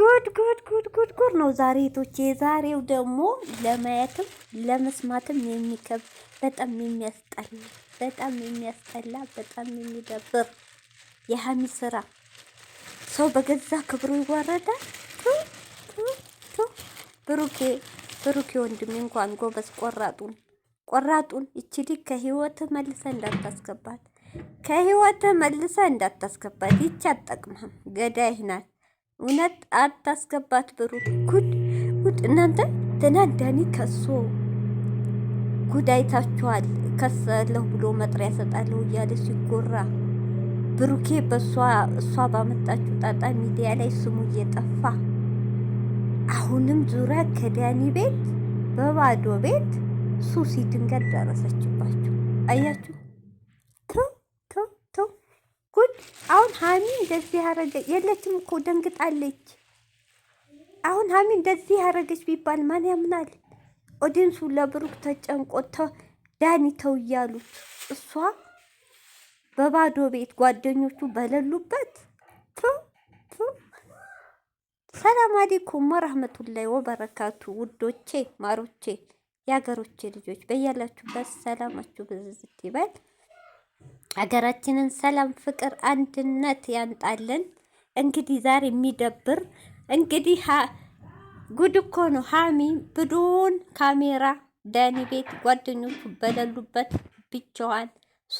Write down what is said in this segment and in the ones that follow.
ጉድ ጉድ ጉድ ጉድ ጉድ ነው ዛሬ ቶቼ። ዛሬው ደግሞ ለማየትም ለመስማትም የሚከብ በጣም የሚያስጠላ በጣም የሚያስጠላ በጣም የሚደብር የሀሚ ስራ። ሰው በገዛ ክብሩ ይዋረዳል። ብሩኬ ብሩኬ ወንድሜ እንኳን ጎበዝ ቆራጡን ቆራጡን ይችዲ ከህይወት መልሰ እንዳታስገባት ከህይወት መልሰ እንዳታስገባት ይቻ ገዳይ ናት። እውነት አታስገባት ብሩ ጉድ ጉድ! እናንተ ትናንት ዳኒ ከሶ ጉድ አይታችኋል። ከሰለሁ ብሎ መጥሪያ ሰጣለሁ እያለ ሲጎራ ብሩኬ በእሷ እሷ ባመጣችው ጣጣ ሚዲያ ላይ ስሙ እየጠፋ አሁንም ዙሪያ ከዳኒ ቤት በባዶ ቤት ሱሲ ድንገት ደረሰችባቸው። አያችሁ? አሁን ሀሚ እንደዚህ ያረገ የለችም እኮ ደንግጣለች። አሁን ሀሚ እንደዚህ ያረገች ቢባል ማን ያምናል? ኦዲንሱ ለብሩክ ተጨንቆተ ዳኒ ተው እያሉት እሷ በባዶ ቤት ጓደኞቹ በሌሉበት ሰላም አለይኩም ወራህመቱላሂ ወበረካቱ። ውዶቼ ማሮቼ የሀገሮቼ ልጆች በያላችሁበት ሰላማችሁ ብዝዝት ይበል። ሀገራችንን ሰላም፣ ፍቅር፣ አንድነት ያምጣልን። እንግዲህ ዛሬ የሚደብር እንግዲህ ጉድ እኮ ነው። ሀሚ ብዱን ካሜራ ዳኒ ቤት ጓደኞቹ በሌሉበት ብቻዋን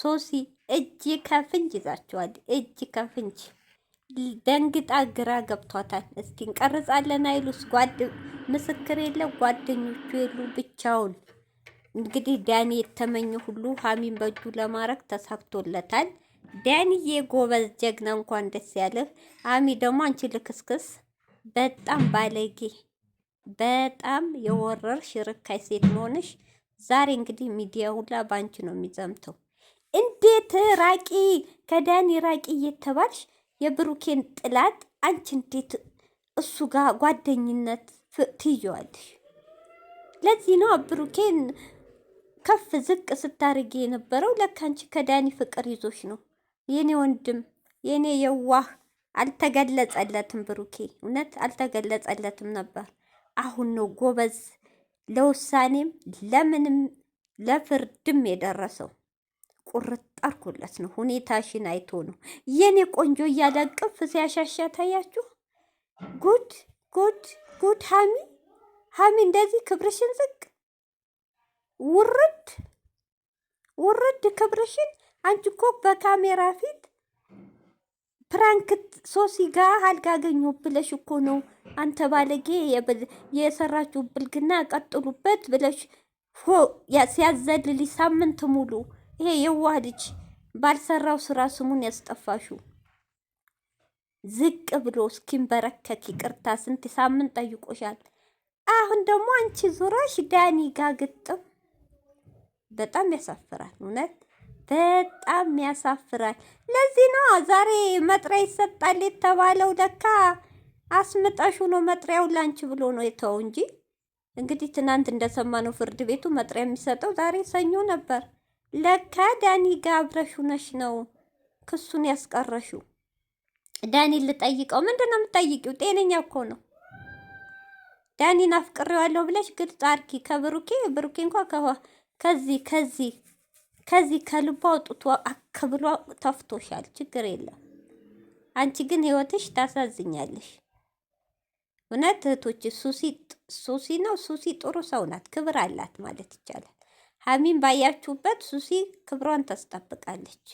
ሶሲ እጅ ከፍንጅ ይዛቸዋል። እጅ ከፍንጅ ደንግጣ ግራ ገብቷታል። እስቲ እንቀርጻለን አይሉስ ጓድ ምስክር የለ ጓደኞቹ የሉ ብቻውን እንግዲህ ዳኒ የተመኘ ሁሉ ሀሚን በእጁ ለማድረግ ተሳክቶለታል። ዳኒዬ ጎበዝ፣ ጀግና፣ እንኳን ደስ ያለህ። ሀሚ ደግሞ አንቺ ልክስክስ፣ በጣም ባለጌ፣ በጣም የወረርሽ ርካይ ሴት መሆንሽ ዛሬ እንግዲህ ሚዲያ ሁላ በአንቺ ነው የሚዘምተው። እንዴት ራቂ፣ ከዳኒ ራቂ እየተባልሽ የብሩኬን ጥላት አንቺ እንዴት እሱ ጋር ጓደኝነት ትይዋለሽ? ለዚህ ነው ብሩኬን ከፍ ዝቅ ስታርጌ የነበረው ለካንቺ ከዳኒ ፍቅር ይዞሽ ነው። የኔ ወንድም የኔ የዋህ አልተገለጸለትም። ብሩኬ እውነት አልተገለጸለትም ነበር። አሁን ነው ጎበዝ፣ ለውሳኔም ለምንም ለፍርድም የደረሰው። ቁርጣርኩለት አርጎለት ነው። ሁኔታሽን አይቶ ነው። የኔ ቆንጆ እያለ ቅፍ ሲያሻሻ ታያችሁ። ጉድ ጉድ ጉድ! ሀሚ ሀሚ እንደዚህ ክብርሽን ዝቅ ውርድ ውርድ ክብርሽን። አንቺ እኮ በካሜራ ፊት ፕራንክት ሶሲ ጋ አልጋገኙ ብለሽ እኮ ነው። አንተ ባለጌ የሰራችሁ ብልግና ቀጥሉበት ብለሽ ሲያዘልልሽ ሳምንት ሙሉ ይሄ የዋህ ልጅ ባልሰራው ስራ ስሙን ያስጠፋሹ ዝቅ ብሎ እስኪንበረከክ ይቅርታ ስንት ሳምንት ጠይቆሻል። አሁን ደግሞ አንቺ ዙራሽ ዳኒ ጋ ግጥም በጣም ያሳፍራል። እውነት በጣም ያሳፍራል። ለዚህ ነው ዛሬ መጥሪያ ይሰጣል የተባለው። ለካ አስምጣሹ ነው መጥሪያውን ላንች ብሎ ነው የተው እንጂ እንግዲህ ትናንት እንደሰማነው ፍርድ ቤቱ መጥሪያ የሚሰጠው ዛሬ ሰኞ ነበር። ለካ ዳኒ ጋ አብረሹ ነሽ ነው ክሱን ያስቀረሹ። ዳኒ ልጠይቀው። ምንድን ነው የምጠይቂው? ጤነኛ እኮ ነው። ዳኒን አፍቅሬዋለሁ ብለሽ ግልጽ አርኪ። ከብሩኬ ብሩኬ እንኳ ከዚህ ከዚህ ከዚህ ከልቧ አውጥቶ አከብሎ ተፍቶሻል። ችግር የለም። አንቺ ግን ህይወትሽ ታሳዝኛለሽ። እውነት እህቶች፣ ሱሲ ነው ሱሲ ጥሩ ሰው ናት፣ ክብር አላት ማለት ይቻላል። ሀሚን ባያችሁበት ሱሲ ክብሯን ታስጠብቃለች።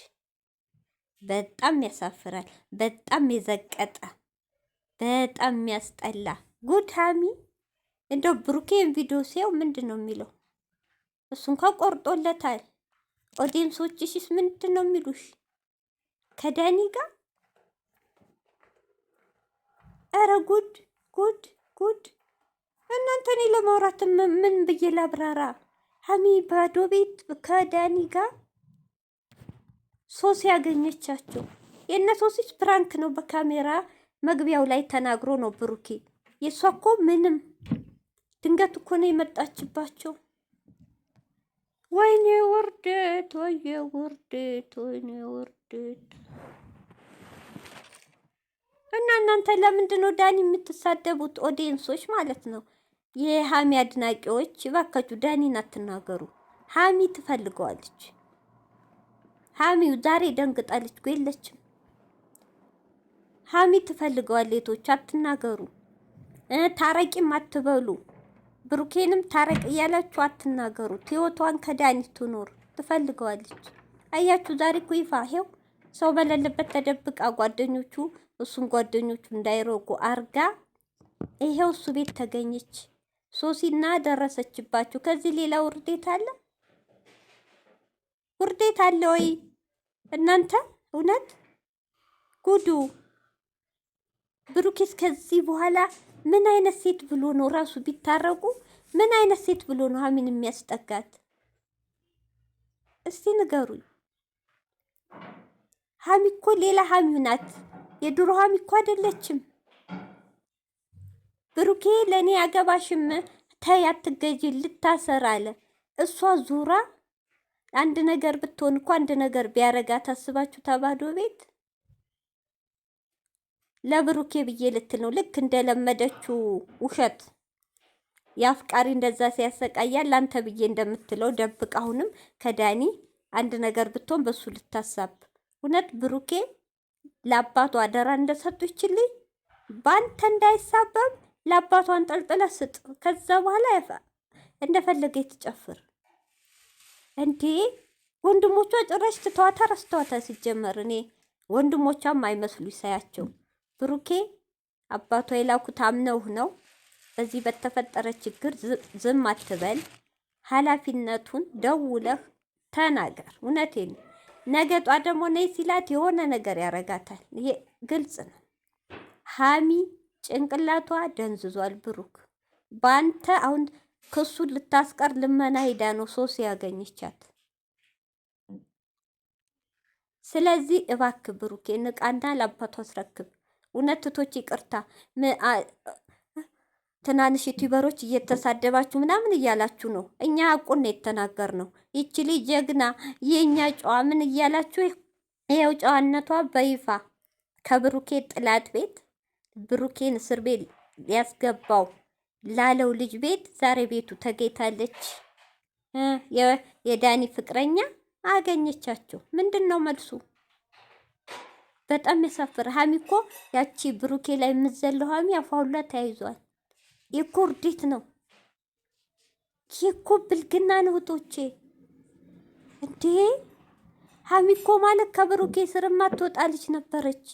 በጣም ያሳፍራል። በጣም የዘቀጠ በጣም የሚያስጠላ ጉድ ሀሚ። እንደው ብሩኬን ቪዲዮ ሲያው ምንድን ነው የሚለው? እሱ እንኳን ቆርጦለታል። ኦዲየንሶችሽስ ምንድን ነው የሚሉሽ? ከዳኒ ጋር ኧረ ጉድ ጉድ ጉድ! እናንተ እኔ ለማውራት ምን ብዬ ላብራራ? ሀሚ ባዶ ቤት ከዳኒ ጋር ሶስ ያገኘቻቸው የእነ ሶሲስ ፕራንክ ነው። በካሜራ መግቢያው ላይ ተናግሮ ነው ብሩኬ። የእሷ እኮ ምንም ድንገት እኮ ነው የመጣችባቸው። ወይኔ ውርደት፣ ወየ ውርደት፣ ወይኔ ውርደት። እና እናንተ ለምንድን ነው ዳኒ የምትሳደቡት? ኦዲየንሶች ማለት ነው የሃሚ አድናቂዎች፣ እባካችሁ ዳኒን አትናገሩ። ሃሚ ትፈልገዋለች። ሀሚው ዛሬ ደንግጣለች እኮ የለችም። ሀሚ ትፈልገዋለች። ቶች አትናገሩ፣ ታረቂም አትበሉ። ብሩኬንም ታረቅ እያላችሁ አትናገሩት። ህይወቷን ከዳኒ ትኖር ትፈልገዋለች። አያችሁ፣ ዛሬ እኮ ይፋ ሄው ሰው በሌለበት ተደብቃ ጓደኞቹ እሱን ጓደኞቹ እንዳይረጉ አርጋ ይሄው እሱ ቤት ተገኘች። ሶሲና ደረሰችባችሁ። ከዚህ ሌላ ውርዴት አለ? ውርዴት አለ ወይ እናንተ? እውነት ጉዱ ብሩኬስ ከዚህ በኋላ ምን አይነት ሴት ብሎ ነው ራሱ ቢታረቁ፣ ምን አይነት ሴት ብሎ ነው ሀሚን የሚያስጠጋት? እስቲ ንገሩኝ። ሀሚ እኮ ሌላ ሀሚ ናት። የድሮ ሀሚ እኮ አይደለችም። ብሩኬ ለእኔ አገባሽም ተይ አትገዢ ልታሰር አለ። እሷ ዙራ አንድ ነገር ብትሆን እኮ አንድ ነገር ቢያረጋ ታስባችሁ ተባዶ ቤት ለብሩኬ ብዬ ልትል ነው። ልክ እንደለመደችው ውሸት የአፍቃሪ እንደዛ ሲያሰቃያል ለአንተ ብዬ እንደምትለው ደብቅ። አሁንም ከዳኒ አንድ ነገር ብትሆን በሱ ልታሳብ። እውነት ብሩኬ ለአባቱ አደራ እንደሰጡ ይችልኝ በአንተ እንዳይሳበብ ለአባቱ አንጠልጥለ ስጥ። ከዛ በኋላ እንደፈለገ የተጨፍር እንዴ ወንድሞቿ ጭራሽ ትተዋታ ረስተዋታ። ሲጀመር እኔ ወንድሞቿም አይመስሉ ይሳያቸው። ብሩኬ አባቷ የላኩት አምነው ነው። በዚህ በተፈጠረ ችግር ዝም አትበል፣ ኃላፊነቱን ደውለህ ተናገር። እውነቴን ነገ ጧት ደግሞ ነይ ሲላት የሆነ ነገር ያረጋታል። ይሄ ግልጽ ነው። ሀሚ ጭንቅላቷ ደንዝዟል። ብሩክ በአንተ አሁን ክሱን ልታስቀር ልመና ሄዳ ነው ሶስ ያገኘቻት። ስለዚህ እባክ ብሩኬ ንቃና ለአባቷ አስረክብ። እውነት ትቶች ይቅርታ ትናንሽ ዩቲዩበሮች እየተሳደባችሁ ምናምን እያላችሁ ነው። እኛ አቁን ነው የተናገር ነው። ይቺ ልጅ ጀግና የእኛ ጨዋ ምን እያላችሁ ይኸው ጨዋነቷ በይፋ ከብሩኬ ጥላት ቤት ብሩኬን እስር ቤት ሊያስገባው ላለው ልጅ ቤት ዛሬ ቤቱ ተገኝታለች። የዳኒ ፍቅረኛ አገኘቻቸው። ምንድን ነው መልሱ? በጣም ያሳፍር። ሀሚ እኮ ያቺ ብሩኬ ላይ የምዘለው ሀሚ አፏ ተያይዟል። የኮ እርዴት ነው የኮ ብልግና ነው። እንዴ ሀሚ እኮ ማለት ከብሩኬ ስር ማትወጣ ልጅ ነበረች፣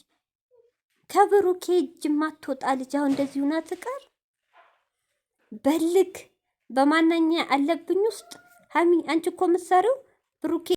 ከብሩኬ እጅ ማትወጣ ልጅ። አሁን እንደዚህ ሁና ትቀር በልግ በማናኛ አለብኝ ውስጥ ሀሚ አንቺ እኮ ምሳሪው ብሩኬ